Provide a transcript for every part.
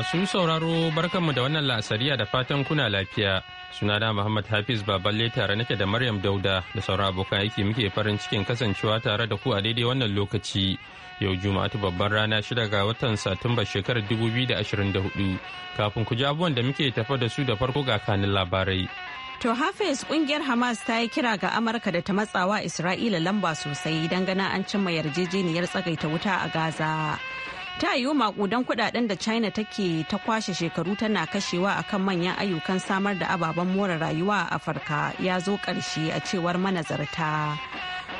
Masu sauraro barkanmu da wannan la'asariya da fatan kuna lafiya. suna na Muhammad Hafiz Baballe tare nake da Maryam Dauda da sauran abokan aiki muke farin cikin kasancewa tare da ku a daidai wannan lokaci. Yau Juma'atu babbar rana shida ga watan Satumba shekarar 2024 kafin ku ji abubuwan da muke tafa da su da farko ga kanin labarai. To Hafiz kungiyar Hamas ta yi kira ga Amurka da ta matsawa Isra'ila lamba sosai don gana an cimma yarjejeniyar tsagaita wuta a Gaza. ta yi wa makudan kudaden da china take ta kwashe shekaru tana kashewa akan manyan ayyukan samar da ababen more rayuwa a afirka ya zo karshe a cewar manazarta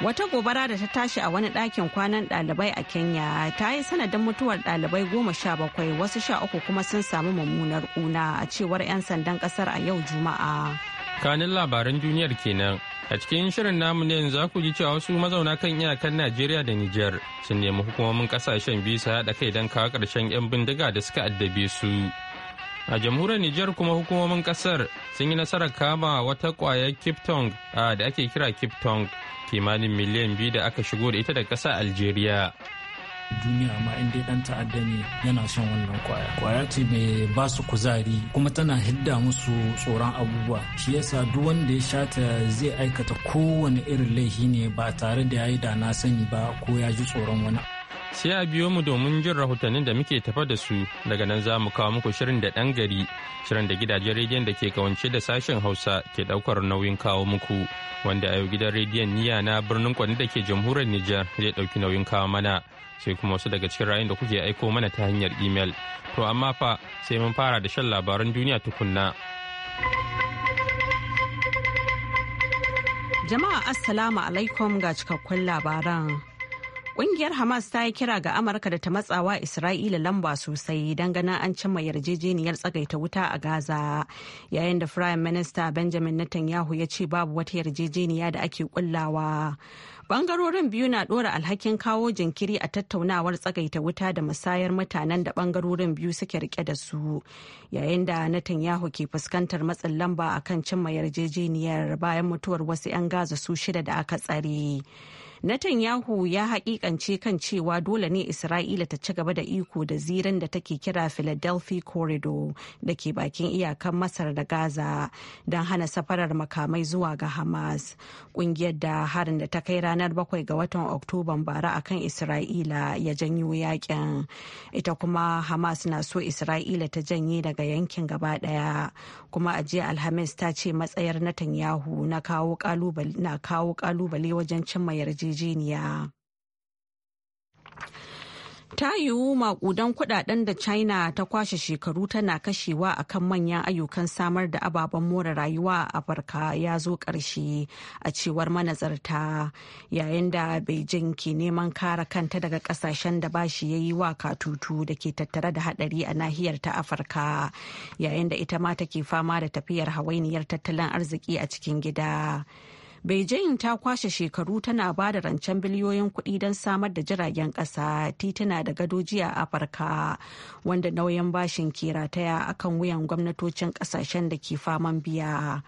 wata gobara da ta tashi a wani ɗakin kwanan ɗalibai a kenya ta yi sanadin mutuwar ɗalibai goma sha bakwai wasu sha uku kuma sun samu mummunar ƙuna a cewar 'yan sandan ƙasar a yau juma'a kanin labaran duniyar kenan a cikin shirin namu ne yanzu ku ji cewa wasu mazauna kan iyakan najeriya da nijar sun nemi hukumomin kasashen biyu su haɗa kai don kawo karshen 'yan bindiga da suka addabe su a jamhuriyar nijar kuma hukumomin ƙasar sun yi nasarar kama wata ƙwayar kiptong da ake kira kiptong kimanin miliyan biyu da aka shigo da ita da ƙasa algeria duniya amma in dai dan ta'adda ne yana son wannan kwaya kwaya ce mai ba su kuzari kuma tana hidda musu tsoron abubuwa shi yasa duk wanda ya shata zai aikata kowane irin laifi ne ba tare da yayi da na sani ba ko ya ji tsoron wani sai a biyo mu domin jin rahotannin da muke tafa da su daga nan za mu kawo muku shirin da dan gari shirin da gidajen rediyon da ke kawance da sashen hausa ke ɗaukar nauyin kawo muku wanda a yau gidan rediyon niya na birnin kwani da ke jamhuriyar nijar zai ɗauki nauyin kawo mana sai kuma wasu daga cikin ra'ayin da kuke aiko mana ta hanyar imel to amma fa sai mun fara da shan labaran duniya tukunna jama'a assalamu alaikum ga cikakkun labaran Ƙungiyar Hamas ta yi kira ga Amurka da ta matsawa Isra'ila lamba sosai don ganin an cimma yarjejeniyar tsagaita wuta a Gaza. Yayin da Firayim Minista Benjamin Netanyahu ya ce babu wata yarjejeniya da ake kullawa. Bangarorin biyu na ɗora alhakin kawo jinkiri a tattaunawar tsagaita wuta da musayar mutanen da bangarorin biyu suke rike da su yayin da Netanyahu ke fuskantar matsin lamba akan cimma yarjejeniyar bayan mutuwar wasu 'yan gaza su shida da aka tsare. Netanyahu ya haƙiƙance kan cewa dole ne Isra'ila ta ci gaba da iko da zirin da take kira Philadelphia Corridor da ke bakin iyakan Masar da Gaza don hana safarar makamai zuwa ga Hamas. ƙungiyar da harin da ta kai ranar bakwai ga watan Oktoban bara akan Isra'ila ya janyo yakin. Ita kuma Hamas na so Isra'ila ta janye daga yankin gaba daya. Kuma a jiya Alhamis ta ce matsayar Netanyahu na kawo kalubale wajen cimma yarjejeniya. yarjejeniya. ta yiwu makudan kudaden da china ta kwashe shekaru tana kashewa a kan manyan ayyukan samar da ababen more rayuwa a afirka ya zo karshe a cewar manazarta yayin da beijing ke neman kara kanta daga kasashen da bashi ya yi wa katutu da ke tattare da hadari a nahiyar ta afirka yayin da ita ma take fama da tafiyar hawainiyar tattalin arziki a cikin gida. beijing ta kwashe shekaru tana ba da rancen biliyoyin kuɗi don samar da jiragen ƙasa tituna da gadoji a afirka wanda nauyin bashin ke rataya akan wuyan gwamnatocin ƙasashen da ke faman biya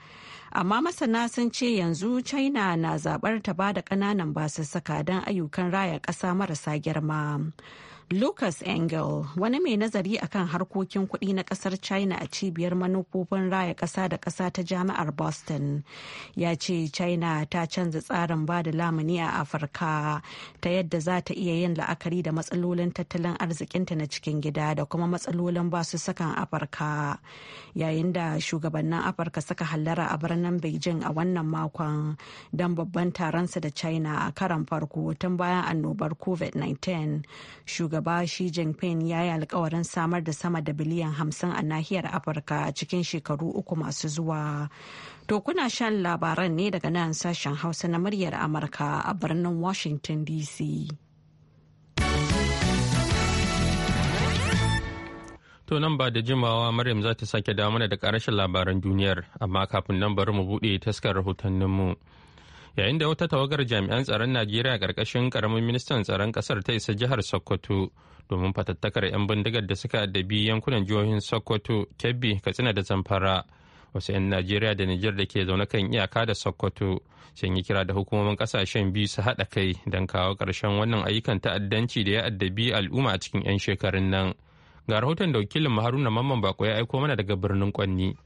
amma masana sun ce yanzu china na zabar ta ba da ƙananan basussuka don ayyukan raya ƙasa marasa girma Lucas Engel wani mai nazari a kan harkokin kuɗi na ƙasar China a cibiyar manufofin raya ƙasa da ƙasa ta jami'ar Boston ya ce China ta canza tsarin ba da lamuni a Afirka ta yadda za ta iya yin la'akari da matsalolin tattalin arzikinta na cikin gida da kuma matsalolin ba su sakan Afirka yayin da shugabannin Afirka suka hallara a birnin Beijing a wannan makon don babban taron su da China a karan farko tun bayan annobar COVID-19. shugaba Xi Jinping ya yi alkawarin samar da sama da biliyan hamsin a nahiyar Afirka a cikin shekaru uku masu zuwa. To kuna shan labaran ne daga nan sashen Hausa na muryar Amurka a birnin Washington DC. To nan ba da jimawa Maryam za ta sake damuna da karashin labaran duniyar, amma kafin nan bari mu buɗe taskar rahotanninmu. mu. yayin da wata tawagar jami'an tsaron najeriya karkashin karamin ministan tsaron kasar ta isa jihar sokoto domin fatattakar 'yan bindigar da suka addabi yankunan jihohin sokoto kebbi katsina da zamfara wasu 'yan najeriya da nijar da ke zaune kan iyaka da sokoto sun yi kira da hukumomin kasashen biyu su haɗa kai don kawo ƙarshen wannan ayyukan ta'addanci da ya addabi al'umma a cikin 'yan shekarun nan ga rahoton da wakilin haruna mamman bako ya aiko mana daga birnin kwanni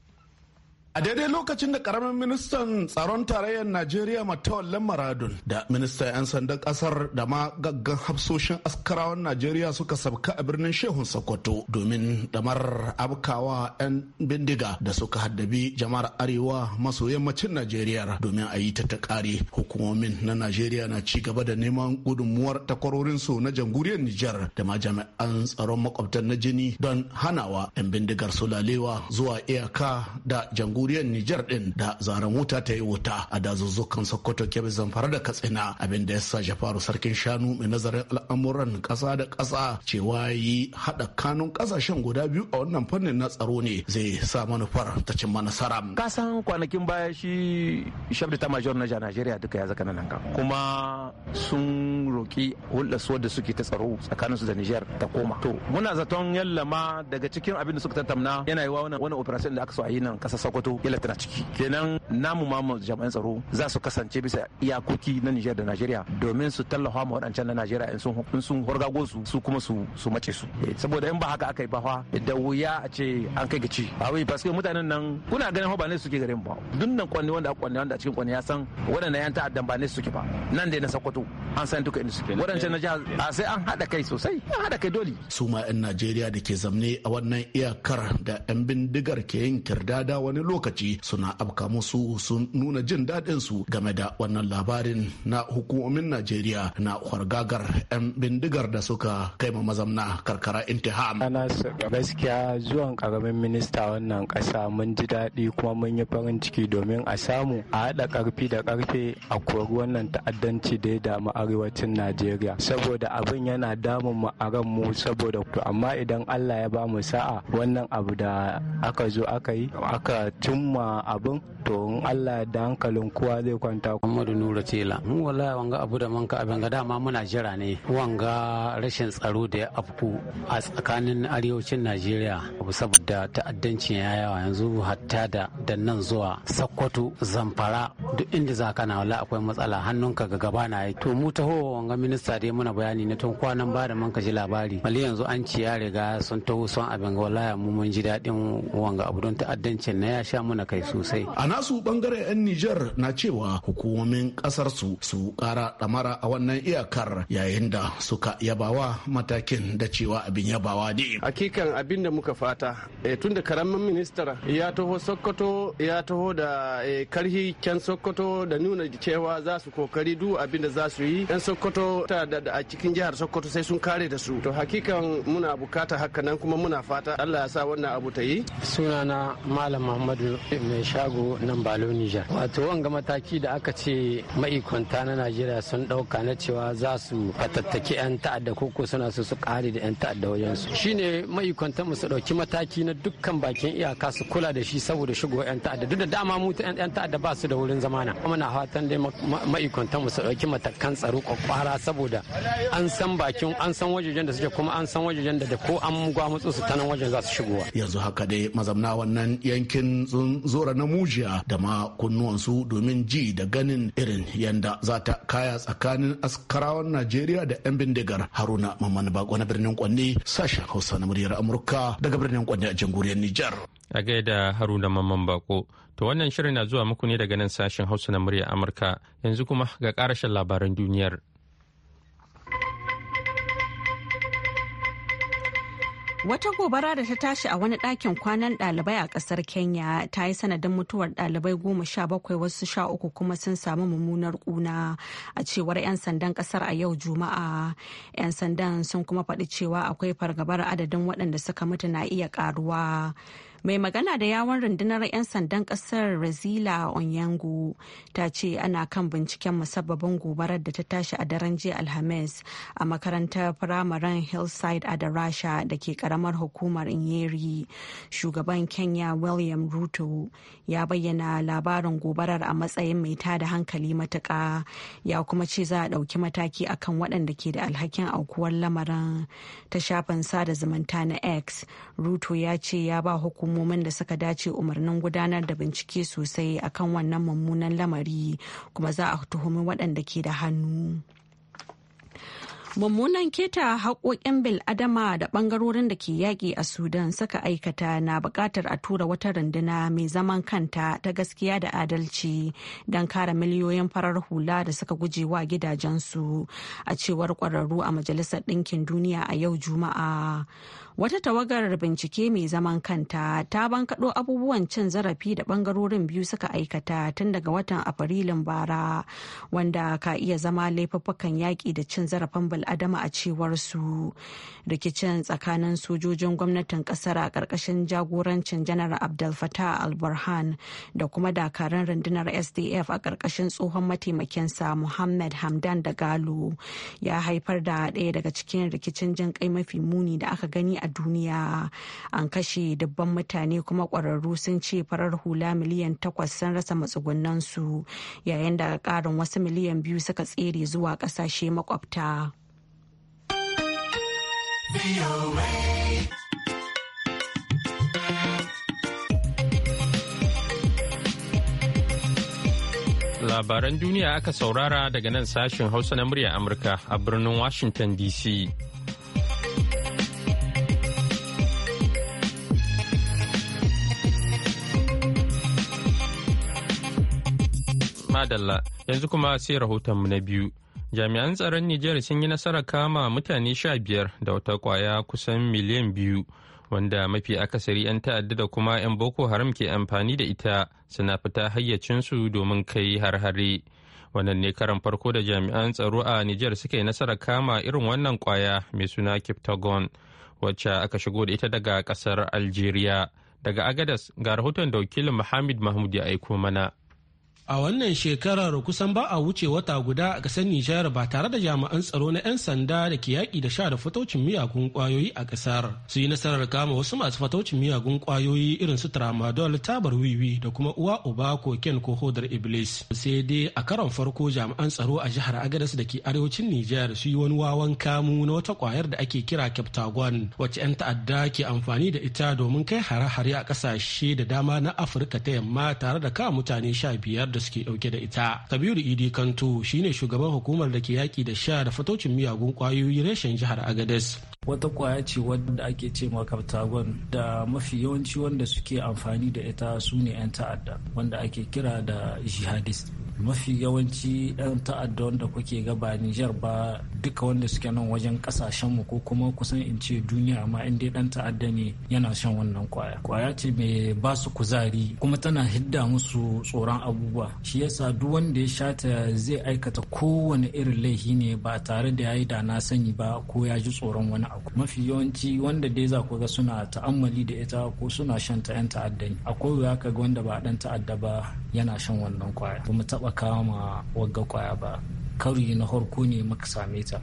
A daidai lokacin da karamin ministan tsaron tarayyar Najeriya Matawallan Maradun da ministan 'yan sandan kasar da ma gaggan hafsoshin askarawan Najeriya suka sabka a birnin Shehun Sokoto domin damar abkawa 'yan bindiga da suka haddabi jama'ar Arewa maso yammacin Najeriya domin a yi ta kare hukumomin na Najeriya na ci gaba da neman gudunmuwar takwarorin su na jamhuriyar Nijar da ma jami'an tsaron makwabtan na jini don hanawa 'yan bindigar su lalewa zuwa iyaka da jangu jamhuriyar Nijar din da zaren wuta ta yi wuta a dazuzzukan Sokoto Kebbi Zamfara da Katsina abin da ya sa Jafaru sarkin shanu mai nazarin al'amuran ƙasa da ƙasa cewa yi haɗa kanun ƙasashen guda biyu a wannan fannin na tsaro ne zai sa manufar ta cimma nasara. Kasan kwanakin baya shi shaf ta major na Najeriya duka ya zaka nan kuma sun roƙi hulɗa su da suke ta tsaro tsakaninsu da Nijar ta koma. To muna zaton yallama daga cikin abin da suka tattauna yana yi wa wani operation da aka so a yi nan ƙasar Sokoto tsaro kila tana ciki kenan namu ma jami'an tsaro za su kasance bisa iyakoki na Niger da Najeriya domin su tallafa ma waɗancan na Najeriya in sun horgago su su kuma su su mace su eh, saboda in ba haka aka yi ba fa da wuya a ce an kai gaci a wai paske mutanen nan kuna ganin ba ne suke garin ba dun nan kwanne wanda kwanne wanda a cikin kwanne ya san waɗannan yan ta'addan ba ne suke ba nan dai na Sokoto an san duka inda suke waɗancan na jihar a sai an hada kai sosai an hada kai dole su ma 'yan Najeriya da ke zamne a wannan iyakar da 'yan bindigar ke yin kirdada wani lokaci lokaci suna afka musu sun nuna jin daɗin su game da wannan labarin na hukumomin najeriya na hargagar 'yan bindigar da suka kai ma mazamna karkara intiham gaskiya zuwan karamin minista wannan ƙasa mun ji daɗi kuma mun yi farin ciki domin a samu a haɗa ƙarfi da ƙarfe a kori wannan ta'addanci da ya damu arewacin najeriya saboda abin yana damun mu a mu saboda amma idan allah ya ba mu sa'a wannan abu da aka zo aka yi aka cimma abin to in Allah da hankalin kowa zai kwanta. Muhammadu Nura Tela. Mu wallahi wanga abu da manka abin ga dama muna jira ne wanga rashin tsaro da ya afku a tsakanin arewacin Najeriya saboda ta'addanci ya yawa yanzu hatta da da nan zuwa Sokoto Zamfara duk inda za kana wallahi akwai matsala hannunka ga gaba na yi. To mu taho wanga minista dai muna bayani na tun kwanan ba da manka ji labari. Mali yanzu an ci ya riga sun taho son abin wallahi mu mun ji daɗin wanga abu don ta'addancin na ya sha sha muna kai sosai a nasu bangare yan nijar na cewa hukumomin kasar su su kara damara a wannan iyakar yayin da suka yabawa matakin da cewa abin yabawa ne hakikan abin da muka fata e, eh, tun da karamin ministar ya taho sokoto ya taho da e, karhi can sokoto da nuna cewa za su kokari duk abin da za su yi yan sokoto ta da a cikin jihar sokoto sai sun kare da su to hakikan muna bukata hakanan kuma muna fata allah ya sa wannan abu ta yi sunana malam muhammadu mai shago nan balo nijar wato wanga mataki da aka ce ma'ikwanta na najeriya sun ɗauka na cewa za su fatattaki 'yan ta'adda koko suna su su kare da 'yan ta'adda wajensu shine ma'ikwanta mu su ɗauki mataki na dukkan bakin iyaka su kula da shi saboda shigo 'yan ta'adda duk da dama mu 'yan ta'adda ba su da wurin zamana kuma na fatan dai ma'ikwanta mu su ɗauki matakan tsaro kwakwara saboda an san bakin an san wajejen da suke kuma an san wajejen da ko an gwamutsu su ta nan wajen za su shigowa yanzu haka dai mazamna wannan yankin sun zora na mujiya da ma kunnuwansu domin ji da ganin irin yanda za ta kaya tsakanin askarawan najeriya da 'yan bindigar haruna mamman bako na birnin kwanne sashen hausa na muryar amurka daga birnin kwanne a jamhuriyar nijar a gaida haruna mamman bako to wannan shirin na zuwa muku ne daga nan sashen hausa na muryar amurka yanzu kuma ga karashen labaran duniyar Wata gobara da ta tashi a wani ɗakin kwanan ɗalibai a ƙasar Kenya ta yi sanadin mutuwar ɗalibai goma sha bakwai wasu sha uku kuma sun samu mummunar ƙuna a cewar 'yan sandan ƙasar a yau Juma'a. 'Yan sandan sun kuma faɗi cewa akwai fargabar adadin waɗanda suka mutu na iya ƙaruwa. mai magana da yawon rundunar 'yan sandan kasar razila onyango ta ce ana kan binciken musabbabin gobarar da ta tashi a daren jiya alhamis a makarantar firamaren hillside a da rasha da ke karamar hukumar inyeri shugaban kenya william ruto ya bayyana labarin gobarar a matsayin mai tada hankali matuka ya kuma ce za a ɗauki mataki akan waɗanda ke da alhakin aukuwar lamarin ta shafin sada zumunta na x ruto ya ce ya ba hukumar hukumomin da suka dace umarnin gudanar da bincike sosai akan wannan mummunan lamari kuma za a tuhumi waɗanda ke da hannu. mummunan keta haƙoƙin bil'adama da ɓangarorin da ke yaƙi a sudan suka aikata na buƙatar a tura wata runduna mai zaman kanta ta gaskiya da adalci don kare miliyoyin farar hula da suka guje wa gidajensu a cewar ƙwararru a majalisar ɗinkin duniya a yau juma'a wata tawagar bincike mai zaman kanta ta bankaɗo abubuwan cin zarafi da ɓangarorin biyu suka aikata tun daga watan afrilun bara wanda ka iya zama laifuffukan yaƙi da cin zarafin bil'adama a cewar su rikicin tsakanin sojojin gwamnatin ƙasar a ƙarƙashin jagorancin janar abdul fatah al-burhan da kuma dakarun rundunar sdf a ƙarƙashin tsohon mataimakinsa muhammad hamdan da galo ya haifar da ɗaya daga cikin rikicin jin kai mafi muni da aka gani a a duniya an kashe dubban mutane kuma kwararru sun ce farar hula miliyan takwas sun rasa su yayin da karin wasu miliyan biyu suka tsere zuwa kasashe makwabta. Labaran duniya aka saurara daga nan sashen Hausa na murya Amurka a birnin Washington DC. Madalla yanzu kuma sai rahoton mu na biyu. Jami'an tsaron Nijar sun yi nasarar kama mutane sha biyar da wata kwaya kusan miliyan biyu wanda mafi akasari 'yan ta'adda da kuma 'yan Boko Haram ke amfani da ita suna fita hayyacinsu domin kai har-hare. Wannan ne karan farko da jami'an tsaro a Nijar suka yi nasarar kama irin wannan kwaya mai suna Kiptagon wacce aka shigo da ita daga kasar Algeria. Daga Agadas ga rahoton da wakilin Muhammad Mahmud ya aiko mana. A wannan shekarar kusan ba a wuce wata guda a ƙasar Nijar ba tare da jami'an tsaro na 'yan sanda da ke yaƙi da sha da fataucin miyagun kwayoyi a ƙasar. Su yi nasarar kama wasu masu fataucin miyagun kwayoyi irin su tramadol, tabar wiwi da kuma uwa uba koken ko hodar iblis. Sai dai a karon farko jami'an tsaro a jihar Agadas da ke arewacin Nijar su yi wani wawan kamu na wata kwayar da ake kira Captagon wacce 'yan ta'adda ke amfani da ita domin kai hare-hare a ƙasashe da dama na Afirka ta yamma tare da kama mutane sha biyar da suke dauke da ita kabiru idi kanto shine shugaban hukumar da ke yaki da sha da fatocin miyagun kwayoyi reshen jihar agades wata kwaya ce wadda ake ce makaftagon da mafi yawanci wanda suke amfani da ita su ne 'yan ta'adda wanda ake kira da jihadist mafi yawanci 'yan ta'adda wanda kuke gaba Nijar ba duka wanda suke nan wajen mu ko kuma kusan in ce duniya amma in dai dan ta'adda ne yana shan wannan kwaya. Kwaya ce mai ba su kuzari kuma tana hidda musu tsoron abubuwa shi yasa duk wanda ya shata zai aikata kowane irin laifi ne ba tare da yayi da na sani ba ko ya ji tsoron wani abu mafi yawanci wanda dai za ku ga suna ta'ammali da ita ko suna shan ta yan ta'adda ne akwai wuya ka ga wanda ba dan ta'adda ba yana shan wannan kwaya ba mu taba kama wagga kwaya ba karu na harko ne muka same ta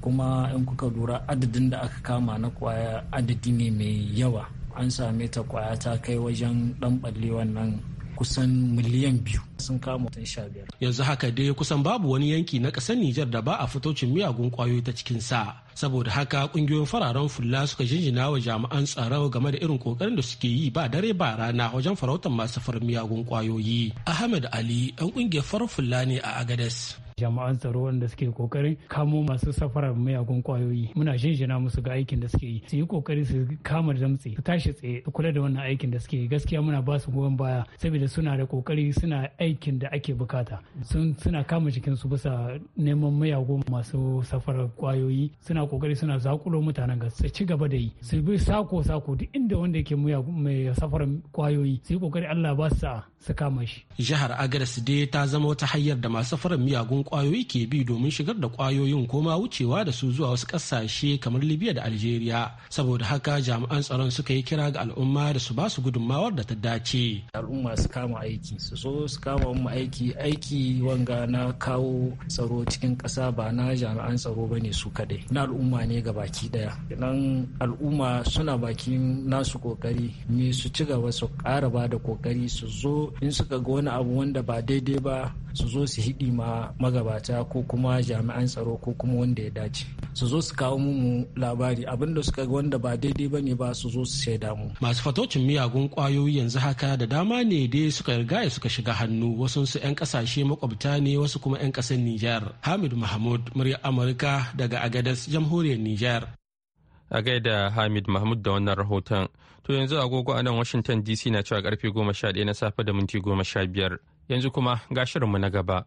kuma in kuka lura adadin da aka kama na kwaya adadi ne mai yawa an same ta kwaya ta kai wajen dan balle wannan kusan miliyan biyu sun kama sha biyar. Yanzu haka dai kusan babu wani yanki na ƙasar Nijar da ba a fitocin miyagun ƙwayoyi ta cikin sa. Saboda haka ƙungiyoyin fararen fulla suka jinjina wa jami'an tsaro game da irin ƙoƙarin da suke yi ba dare ba rana wajen farautar masu farin miyagun ƙwayoyi. Ahmed Ali ɗan ƙungiyar farar fulla ne a Agades. jama'an tsaro wanda suke kokarin kamo masu safarar miyagun kwayoyi muna jinjina musu ga aikin da suke yi su yi kokari su kama damtse su tashi tsaye su kula da wannan aikin da suke yi gaskiya muna ba su goyon baya saboda suna da kokari suna aikin da ake bukata sun suna kama jikin su bisa neman mayagun masu safarar kwayoyi suna kokari suna zakulo mutanen ga su ci gaba da yi su bi sako sako duk inda wanda yake mai safarar kwayoyi su yi kokari Allah ba su su kama shi jihar Agadas dai ta zama wata hanyar da masu safarar miyagun kwayoyi ke bi domin shigar da kwayoyin koma wucewa da su zuwa wasu kasashe kamar libya da algeria saboda haka jami'an tsaron suka yi kira ga al'umma da su ba su gudunmawar da ta dace al'umma su kama aiki su so su kama mu aiki aiki wanga na kawo tsaro cikin ƙasa ba na jami'an tsaro ba ne su kadai na al'umma ne ga baki daya idan al'umma suna bakin nasu kokari me su ci gaba su ƙara ba da kokari su zo in suka ga wani abu wanda ba daidai ba su zo su hidi ma maga magabata ko kuma jami'an tsaro ko kuma wanda ya dace su zo su kawo mu labari abinda suka ga wanda ba daidai ba ne ba su zo su shaida mu masu fatocin miyagun kwayoyi yanzu haka da dama ne dai suka riga suka shiga hannu wasu su 'yan kasashe makwabta ne wasu kuma 'yan kasar Nijar Hamid Mahmud murya Amurka daga Agadas jamhuriyar Nijar a gaida Hamid Mahmud da wannan rahoton. To yanzu agogo a nan Washington DC na cewa karfe 11 na safe da minti 15 yanzu kuma ga shirinmu na gaba.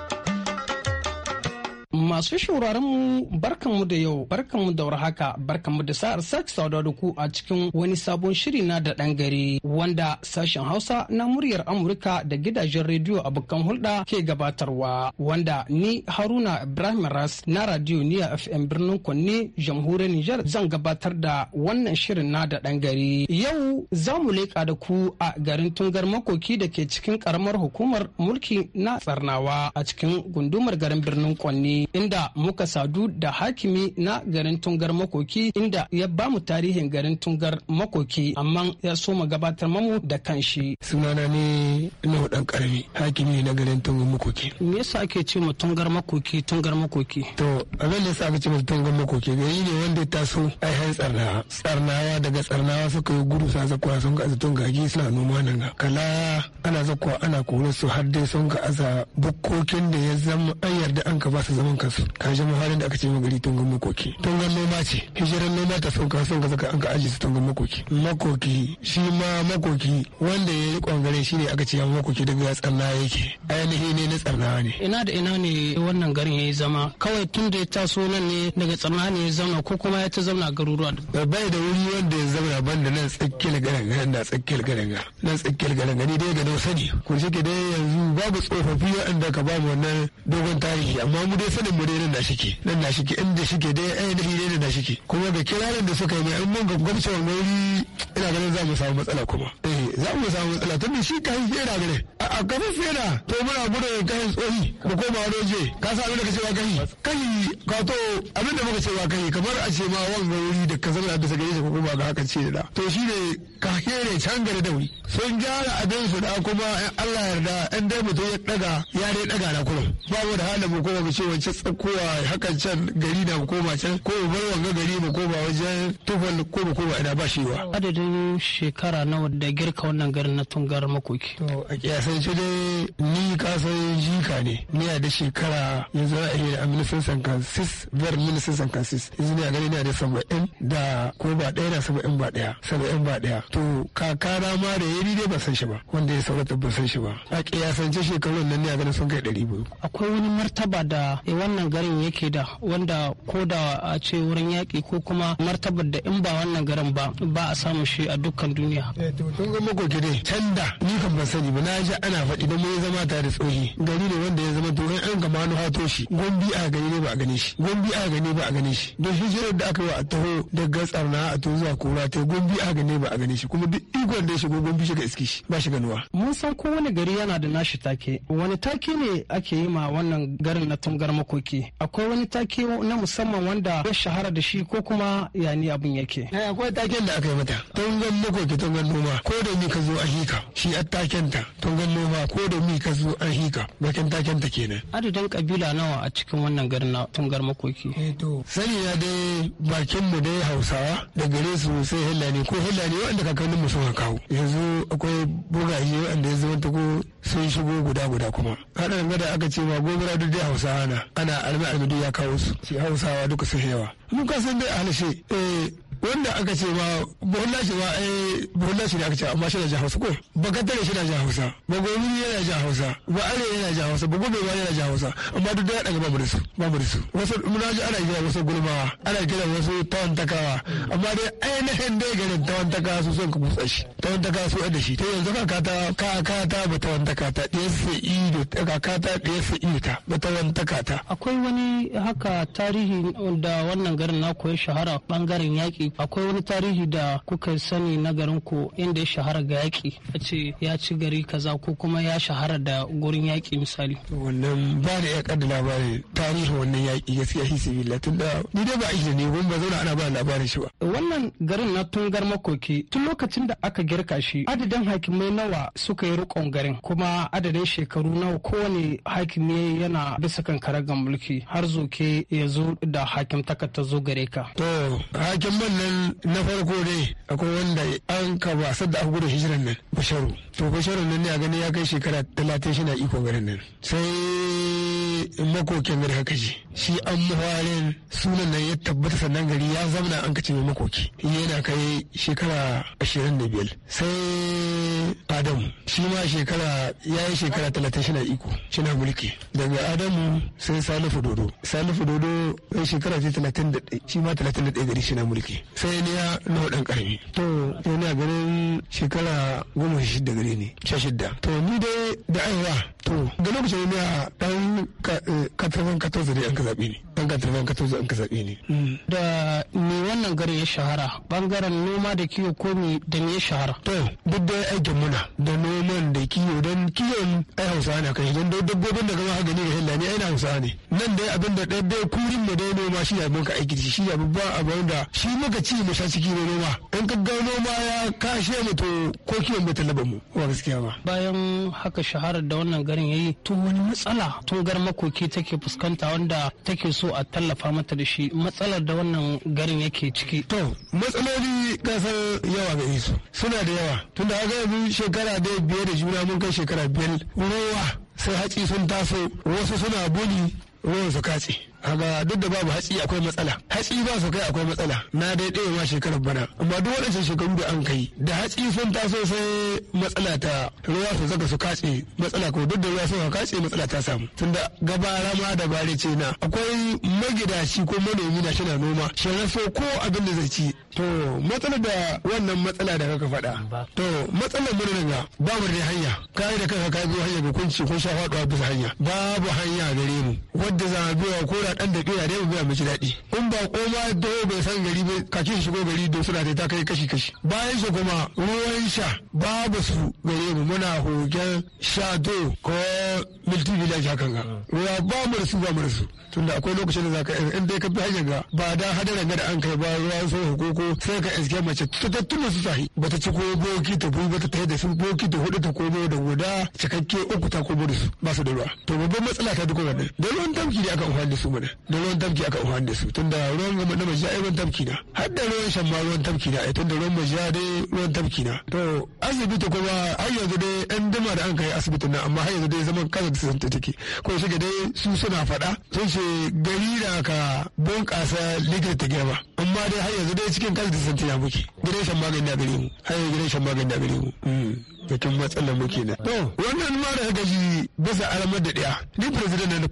Masu shauraron mu barkan mu da yau, barkan mu da warhaka, mu da sa'ar sake sauda da ku a cikin wani sabon shiri na da ɗan gari wanda sashen Hausa na muryar Amurka da gidajen rediyo a abokan hulɗa ke gabatarwa wanda ni Haruna Ibrahim Ras na Radio Niya FM birnin Kwanne jamhuriyar Nijar zan gabatar da wannan shirin na da ɗan gari. Yau za mu leƙa da ku a garin Tungar Makoki da ke cikin ƙaramar hukumar mulki na Tsarnawa a cikin gundumar garin birnin Kwanne. inda muka sadu da hakimi na garin tungar makoki inda ya bamu tarihin garin tungar makoki amma ya so mu gabatar mamu da kanshi sunana ne na dan karami hakimi na garin tungar makoki me yasa ake ce mu tungar makoki tungar makoki to abin da yasa ake ce mu tungar makoki gari ne wanda ta so ainihin tsarnawa tsarnawa daga tsarnawa suka yi gudu sa zakwa sun ga azatun gagi suna noma nan ga kala ana zakwa ana koro su har dai sun ga aza bukkokin da ya zama an yarda an ka ba su zaman ka su ka ji mu halin da aka ce mu gari tungan makoki tungan noma ce hijiran noma ta sauka sun ka saka an ka aji su tungan makoki makoki shi ma makoki wanda ya yi kwangare shi ne aka ce ya makoki daga ya tsarna yake ainihi ne na tsarna ne ina da ina ne wannan garin ya yi zama kawai tun da ya taso nan ne daga tsarna ne ya zauna ko kuma ya ta zauna garuruwa bai da wuri wanda ya zauna da nan tsakiyar garin garin da tsakiyar garin nan tsakiyar garin gani dai ga dausa ne ko shi ke dai yanzu babu tsofaffi waɗanda ka mu wannan dogon tarihi amma mu dai sanin mu dai nan da shike nan da shike inda shike dai ainihi eh, dai da shike kuma ga kirarin da suka yi mai in mun ga gwamnati wani ina ganin za mu samu matsala kuma eh za mu samu matsala tunda shi kai fera gare a kafa fera to muna gudu kai tsohi mu koma wani waje ka sa abin da ka ce wa kai kai ka to abin da muka ce wa kai kamar a ce ma wanga wuri da ka zama da sagare shi ko kuma ga haka ce da to shi ne ka here can gare da wuri sun gyara abin su da kuma in Allah yarda in dai mutum ya daga ya dai daga na kullum babu da halin mu kuma mu ce wancan kowa hakan can gari na koma can ko bar wanga gari ba koma wajen tufan ko ba koma ina ba shi ba. Adadin shekara nawa da girka wannan garin na tungar makoki. To a kiyasan shi dai ni kasan jika ne ni da shekara yanzu a iya a ministan sankan sis ver ministan sankan sis yanzu ni a gani a da saba'in da ko ba ɗaya na saba'in ba ɗaya saba'in ba ɗaya to kakana ma da ya dai ba san shi ba wanda ya saurata ba san shi ba a kiyasance shekarun nan ni a ganin sun kai ɗari biyu. Akwai wani martaba da eh, wannan garin yake da wanda ko da a ce wurin yaƙi ko kuma martabar da in ba wannan garin ba ba a samu shi a dukkan duniya. Eh, Tun ga magoki dai can da ni kan ban sani ba na ji ana faɗi don mun zama tare da tsohi gari ne wanda ya zama to an gama wani hato shi gombi a gani ne ba a gani shi gombi a gani ba a gani shi don hijirar da aka yi a taho daga tsarna a to zuwa kura ta gombi a gani ba a gani shi kuma duk ikon da ya shigo gombi ka iski shi ba shi ganuwa. Mun san kowane gari yana da nashi take wani take ne ake yi ma wannan garin na tungar makoki. doki akwai wani take na musamman wanda ya shahara da shi ko kuma yani abin yake eh, akwai taken da aka yi mata tungan muko ki tungan noma ko da mi ka zo a hika shi a taken ta tungan noma ko da mi ka zo a hika bakin taken ta kenan adadin kabila nawa a cikin wannan garin na tungar makoki eh to sani ya dai bakin mu dai hausawa da gare su sai hillani ko hillani wanda kakannin mu suka kawo yanzu akwai bugaye wanda ya zama ta ko sun shigo guda guda kuma haɗa game da aka ce ma gobara duk dai hausawa na ana almi ya kawo su hausawa duka sun yawa mun ka san dai halashe eh wanda aka ce ba buhun shi ba ai eh, buhun shi ne aka ce amma shi na jihar Hausa ko ba kaddare shi na jihar hausa ba gobe yana jihar hausa ba are yana jihar hausa ba gobe ba yana jihar hausa amma duk da ya daga b'a da ba babu wasu Munaji ji ana gina wasu gulmawa ana gina wasu tawantakawa amma dai ainihin dai garin tawantakawa su son ka mutsa shi tawantakawa su da shi ta yanzu ka kata, ka kata, ba tawantaka takata ɗaya su ido kaka ta ɗaya su ido ta ba tawantaka ta. akwai wani haka tarihi da wannan garin na koyi shahara bangaren yaƙi akwai wani tarihi da kuka sani na garin ku inda ya shahara ga yaƙi a ce ya ci gari kaza ko kuma ya shahara da gurin yaƙi misali wannan ba da ya kada labari tarihin wannan yaƙi gaskiya shi sibilla tun da ni dai ba a ne mun ba zauna ana ba labarin shi ba wannan garin na tungar makoki tun lokacin da aka girka shi adadin hakimai nawa suka yi rikon garin kuma adadin shekaru nawa kowane hakimi yana bisa kan ga mulki har zoke ya da hakim ta zo gare ka to hakim man nan na farko dai akwai wanda an ka ba sadda aka gudu hijiran nan basharu to basharu nan ne a gani ya kai shekara talatin shi na iko garin nan sai makokin gari haka ji shi an muhawarin sunan nan ya tabbata sannan gari ya zamana an kace mai makoki yana kai shekara ashirin da biyar sai adamu shi ma shekara ya yi shekara talatin shi na iko shi na mulki daga adamu sai salifu dodo salifu dodo shekara ce talatin da shi ma talatin da ɗaya gari shi na mulki sai ne ya nawa ɗan ƙarfi to yana ganin shekara goma shida gare ni sha shida to ni dai da aiwa to ga lokacin ne a dan katarfan katarsa da eh, an ka zaɓe ne dan katarfan katarsa an ka zaɓe ne. Mm. da me wannan gari ya shahara bangaren noma da kiwo ko me da me ya shahara. to duk dai aikin muna da noman da kiwo don kiwon ai hausa ne kai don dabbobin da gama gani da hillani ai na hausa ne nan dai abin da ɗaya kurin mu dai noma shi ya ka aiki shi ya babban abin da shi muka lokaci ci mu sha ciki ne noma in ka ga noma ya kashe mu to ko kiwon bai talaba mu ba gaskiya ba bayan haka shaharar da wannan garin yayi to wani matsala tungar makoki take fuskanta wanda take so a tallafa mata da shi matsalar da wannan garin yake ciki to matsaloli kasar yawa ga Isu suna da yawa tunda haka yanzu shekara da biyar da juna mun kai shekara biyar ruwa sai hatsi sun taso wasu suna buni ruwan su katse amma duk da babu hatsi akwai matsala hatsi ba su kai akwai matsala na dai ɗaya ma shekarar bana amma duk waɗancan shekaru da an kai da hatsi sun taso sai matsala ta ruwa su zaga su kace matsala ko duk da ruwa sun kace matsala ta samu tunda gabara ma da bare ce na akwai magidashi ko manomi na shi na noma shi so ko abin da zai ci to matsala da wannan matsala da kaka fada. to matsalar mu daga babu da hanya kai da kanka ka biyo hanya ga kunci ko sha faɗuwa bisa hanya babu hanya gare mu Wanda za a biyo ko muna dan da biya dai muna mace daɗi in ba koma dawo bai san gari ba kakin shigo gari da suna ta kai kashi kashi bayan shi kuma ruwan sha babu su gare mu muna hogen shado ko milti village hakan ga ruwa ba mu da su ba mu da su tunda akwai lokacin da za ka in dai ka bi hanyar ga ba da hadarin ga da an kai ba ruwa so hukuku sai ka iske mace ta tattuna su sahi ba ta ci ko boki ta bu ba ta tayi da sun boki ta hudu ta komo da guda cikakke uku ta komo da su ba su da ruwa to babban matsala ta duka gaba da ruwan tamki da aka amfani da su mana da ruwan tamki aka amfani da su tunda ruwan gama na majiya ruwan tamki na har da ruwan shan ma ruwan tamki na ai tunda ruwan majiya dai ruwan tamki na to asibiti kuma har yanzu dai an dama da an kai asibitin nan amma har yanzu dai zaman da ta take ko shiga dai su suna faɗa sun ce gari da ka bunƙasa ligar ta girma amma dai har yanzu dai cikin kasar santa ya muke gidan shan magani da gare mu har yanzu gidan shan magani da gare mu hmm. bikin matsalar muke ne. To wannan ma da gaji bisa alamar da ɗaya ni president na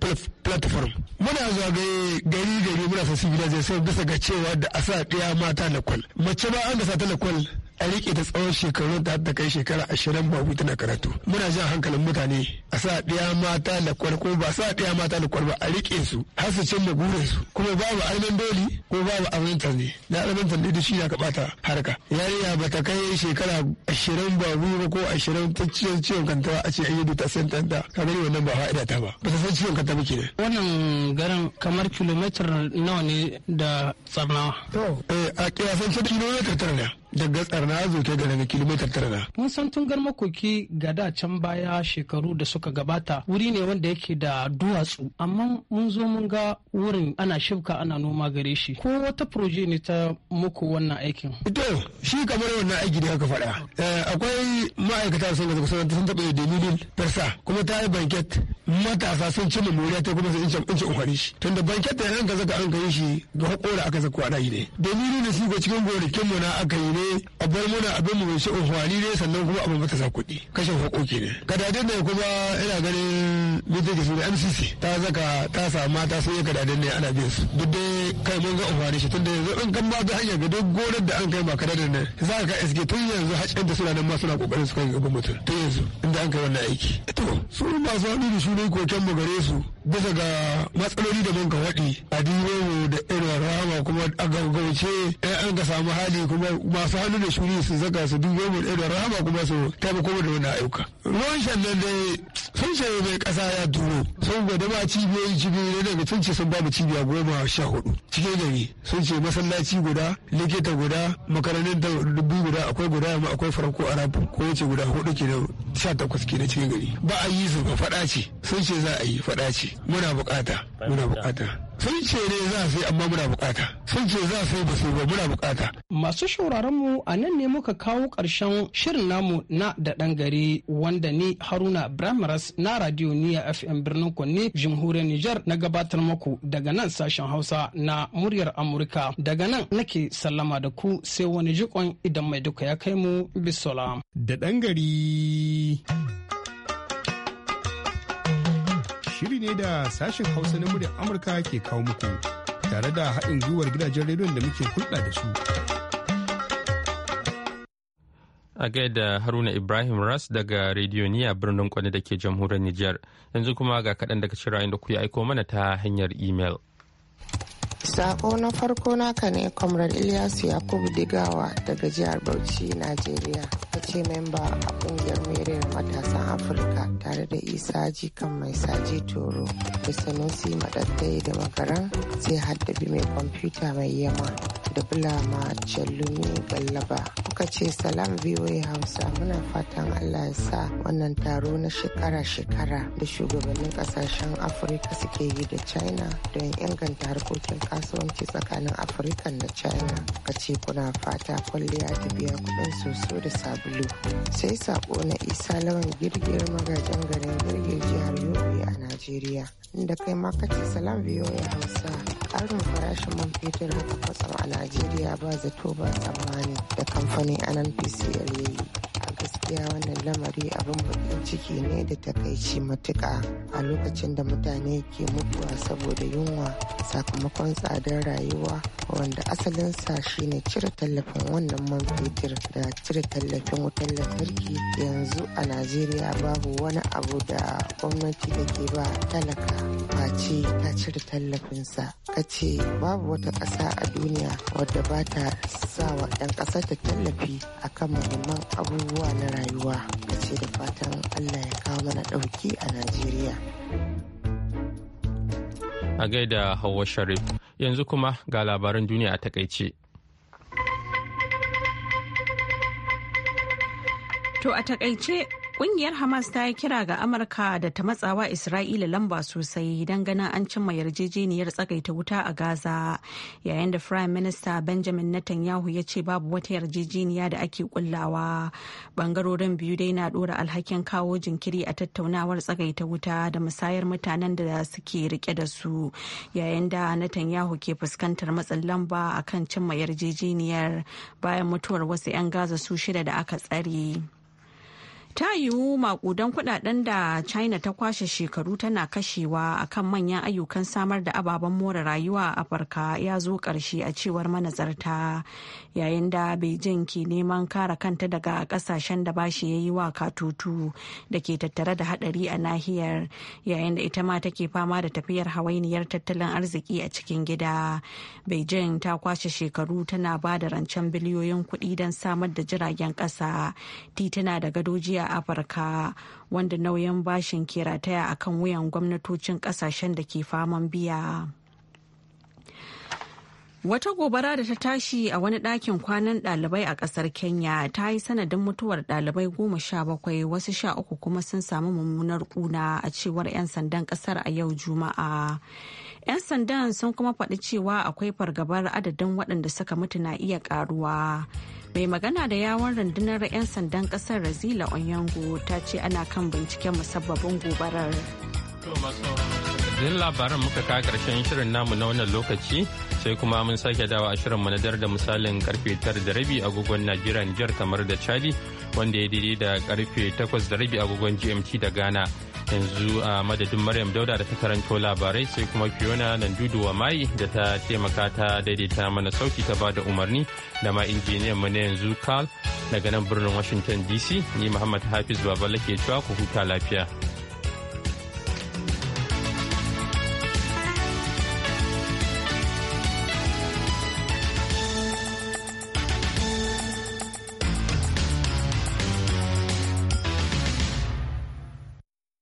platform muna zuwa ga gari gari muna sa zai sai bisa ga cewa da asa ɗaya mata kwal. mace ba an sa ta kwal a riƙe ta tsawon shekaru da ta kai shekara ashirin ba tana karatu muna jan hankalin mutane a sa ɗaya mata kwal. ko ba sa ɗaya mata kwal ba a riƙe su har su cin burin su kuma babu ainihin doli ko babu amintar ne na amintar ne da shi ya kaɓata harka yarinya ba ta kai shekara ashirin ba wuta ko ko ashirin ta ciwon ciwon kanta a ce an ta san sen tanta kamar wannan ba fa'ida ta ba ba ta san ciwon kanta ba ke wannan garin kamar kilomitar nawa ne da tsarnawa to eh, a kiyasan ta kilomitar tara ne daga tsarna zo ta daga kilomitar tara. Mun san tun gar makoki ga da can baya shekaru da suka gabata wuri ne wanda yake da duwatsu amma mun zo mun ga wurin ana shifka ana noma gare shi ko wata proje ne ta muku wannan aikin. Ito shi kamar wannan aiki da aka faɗa eh, akwai ma'aikata sun ga sun sun taɓa da dalilin persa kuma ta yi banket matasa sun ci moriya ta kuma sun ci ukwari shi tunda banket da an ka zaka an kai shi ga hakora aka zaka shi ne. Dalilin da shi ga cikin gorikin mu na aka yi ne a bar muna abin mu bai shi unhwani ne sannan kuma abin bata sa kuɗi kashe haƙoƙi ne gadadin ne kuma ina ganin bidda ke suna mcc ta zaka ta samu mata sun yi gadadin ne ana bin su duk dai kai mun ga unhwani shi tun da yanzu in kan ba ta hanyar ga duk gonar da an kai ma da ne za ka iske tun yanzu haƙin da suna nan ma suna kokarin su kai gaban mutum tun yanzu inda an kai wannan aiki to su masu hannu da shi ne koken mu gare su bisa ga matsaloli da banka waɗi a mu da irin rahama kuma a gaggauce ɗan an ga samu hali kuma masu hannu da shuri su zaka su dube da irin rahama kuma su taimako da wani ayyuka. Ruwan shan nan dai sun shaye mai ƙasa ya duro gwada ba cibiyoyi cibiyoyi daga sun ce sun bamu cibiya goma sha hudu cikin gari sun ce masallaci guda likita guda makarantar da dubu guda akwai guda ma akwai farko arabu ko yace guda hudu ke da sha takwas ke na cikin gari ba a yi su ba faɗa ce sun ce za a yi faɗa ce muna bukata muna bukata sun ce ne za su yi amma muna bukata sun ce za su yi ba su ba muna bukata masu shauraron mu a nan ne muka kawo ƙarshen shirin namu na da dan gari wanda ni Haruna Bramaras na Radio Niya FM birnin kunne jamhuriyar niger na gabatar muku daga nan sashen Hausa na muryar Amurka daga nan nake sallama da ku sai wani jikon idan mai duka ya kai mu bisola da dan gari shiri ne da sashen hausa na muryar amurka ke kawo muku tare da haɗin gwiwar gidajen rediyon da muke hulɗa da su a gaida haruna ibrahim ras daga rediyo birnin kwani da ke jamhuriyar nijar yanzu kuma ga kaɗan daga shirayen da ku aiko mana ta hanyar imel. Sako na farko naka ne Comrade Ilyasu Yakubu Digawa daga jihar Bauchi, Najeriya. A ce memba a kungiyar meriyar matasan Afirka tare da Isa kan Mai Saji Toro da Sanusi Madattai da Makaran sai haddabi mai kwamfuta mai yamma. da bulama cellumi ballaba kuka ce salam voa hausa muna fatan allah ya sa wannan taro na shekara-shekara da shugabannin kasashen afirka suke yi da china don inganta harkokin kasuwanci tsakanin afirka da china ka ce kuna fata kwalliya ta biya kudin soso da sabulu sai sako na isa lawan girgiyar magajen garin girgiyar jihar yobe a najeriya inda kai ma kace salam voa hausa ƙarin farashin man fetur haka kwatsam a najeriya ba zato ba tsammani da kamfanin nnpcl ya yi gaskiya wannan lamari abin bakin ciki ne da takaici matuka a lokacin da mutane ke mutuwa saboda yunwa sakamakon tsadar rayuwa wanda asalin asalinsa shine cire tallafin wannan man fetur da cire tallafin wutar lantarki yanzu a najeriya babu wani abu da gwamnati da ke ba talaka face ta cire tallafinsa kace babu wata ƙasa a duniya wadda ba ta sa wa 'yan ƙasar ta tallafi akan muhimman abubuwa na rayuwa. rayuwa da ce da fatan allah ya kawo mana ɗauki a najeriya a gaida Hauwa sharif yanzu kuma ga labaran duniya a takaice To a takaice Kungiyar Hamas ta yi kira ga Amurka da ta matsawa Isra'ila lamba sosai don ganin an cimma yarjejeniyar tsagaita wuta a Gaza yayin da Prime Minister Benjamin Netanyahu ya ce babu wata yarjejeniya da ake kullawa. Bangarorin biyu dai na dora alhakin kawo jinkiri a tattaunawar tsagaita wuta da musayar mutanen da suke rike da su yayin da Netanyahu ke fuskantar matsin lamba a kan cimma yarjejeniyar bayan mutuwar wasu 'yan Gaza su shida da aka tsare. ta yiwu makudan kudaden da china ta kwashe shekaru tana kashewa akan manyan ayyukan samar da ababen more rayuwa a afirka ya zo karshe a cewar manazarta yayin da beijing ke neman kare kanta daga kasashen da bashi ya yi wa katutu da ke tattare da hadari a nahiyar yayin da ita ma take fama da tafiyar hawainiyar tattalin arziki a cikin gida beijing ta kwashe shekaru tana ba da rancen biliyoyin kuɗi don samar da jiragen ƙasa titina da gadoji a afirka wanda nauyin bashin ke rataya a kan wuyan gwamnatocin kasashen da ke faman biya wata gobara da ta tashi a wani dakin kwanan ɗalibai a ƙasar kenya ta yi sanadin mutuwar ɗalibai goma sha bakwai wasu sha uku kuma sun samu mummunar ƙuna a cewar 'yan sandan ƙasar a yau juma'a 'yan sandan sun kuma faɗi cewa akwai fargabar adadin waɗanda suka mutu na iya ƙaruwa mai magana da yawon rundunar 'yan sandan kasar razila onyango ta ce ana kan binciken musabbabin gobarar jin labaran muka kawo karshen shirin namu na wannan lokaci sai kuma mun sake dawa a shirin manadar da misalin karfe da rabi agogon najeriya kamar da chadi wanda ya daidai da karfe takwas da rabi agogon gmt da ghana yanzu a madadin maryam dauda da ta karanto labarai sai kuma fiona nan duduwa mai da ta taimaka ta daidaita mana sauki ta bada umarni da ma injiniyan mu na yanzu carl daga nan birnin washington dc ni muhammad hafiz babalake cewa ku huta lafiya